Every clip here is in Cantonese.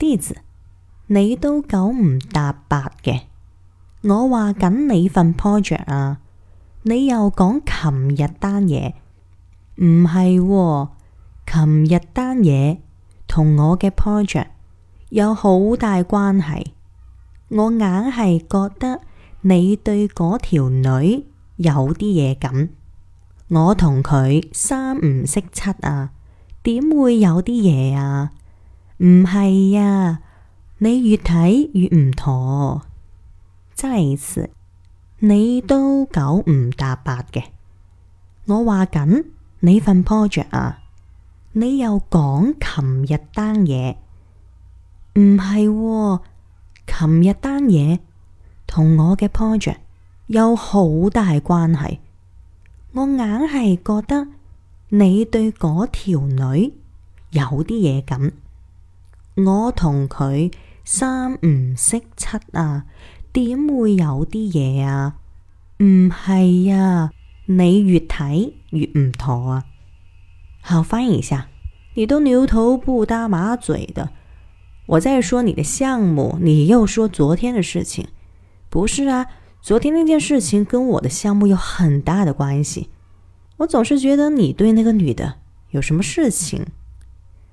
啲你都九唔搭八嘅，我話緊你份 project 啊，你又講琴日單嘢，唔係喎，琴日單嘢同我嘅 project 有好大關係，我硬係覺得你對嗰條女有啲嘢咁，我同佢三唔識七啊，點會有啲嘢啊？唔係啊！你越睇越唔妥，真係你都九唔搭八嘅。我話緊你份 project 啊，你又講琴日單嘢，唔係喎，琴日單嘢同我嘅 project 有好大關係。我硬係覺得你對嗰條女有啲嘢咁。我同佢三唔識七啊，點會有啲嘢啊？唔係啊，你越睇越唔妥啊！好，翻譯一下，你都牛頭不搭馬嘴的。我在說你的項目，你又說昨天的事情。不是啊，昨天那件事情跟我的項目有很大的關係。我總是覺得你對那個女的有什麼事情。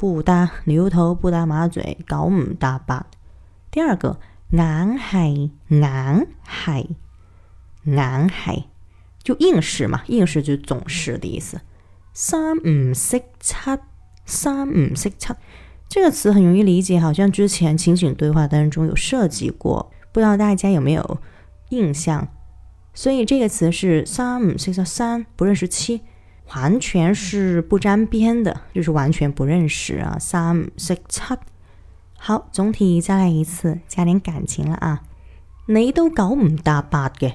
不搭牛頭不搭馬嘴，九唔搭八。第二個，硬係硬係硬係，就硬是嘛，硬是就總是的意思。三唔識七，三唔識七，這個詞很容易理解，好像之前情景對話當中有涉及過，不知道大家有沒有印象？所以這個詞是三唔識七，三不認識七。完全是不沾邊的，就是完全不認識啊。三唔識七，好，總體再來一次，加點感情啦啊！你都九唔搭八嘅，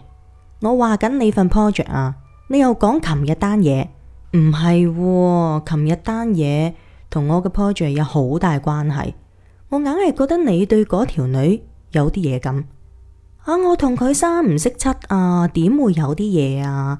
我話緊你份 project 啊，你又講琴日單嘢，唔係喎，琴日單嘢同我嘅 project 有好大關係，我硬係覺得你對嗰條女有啲嘢咁啊！我同佢三唔識七啊，點會有啲嘢啊？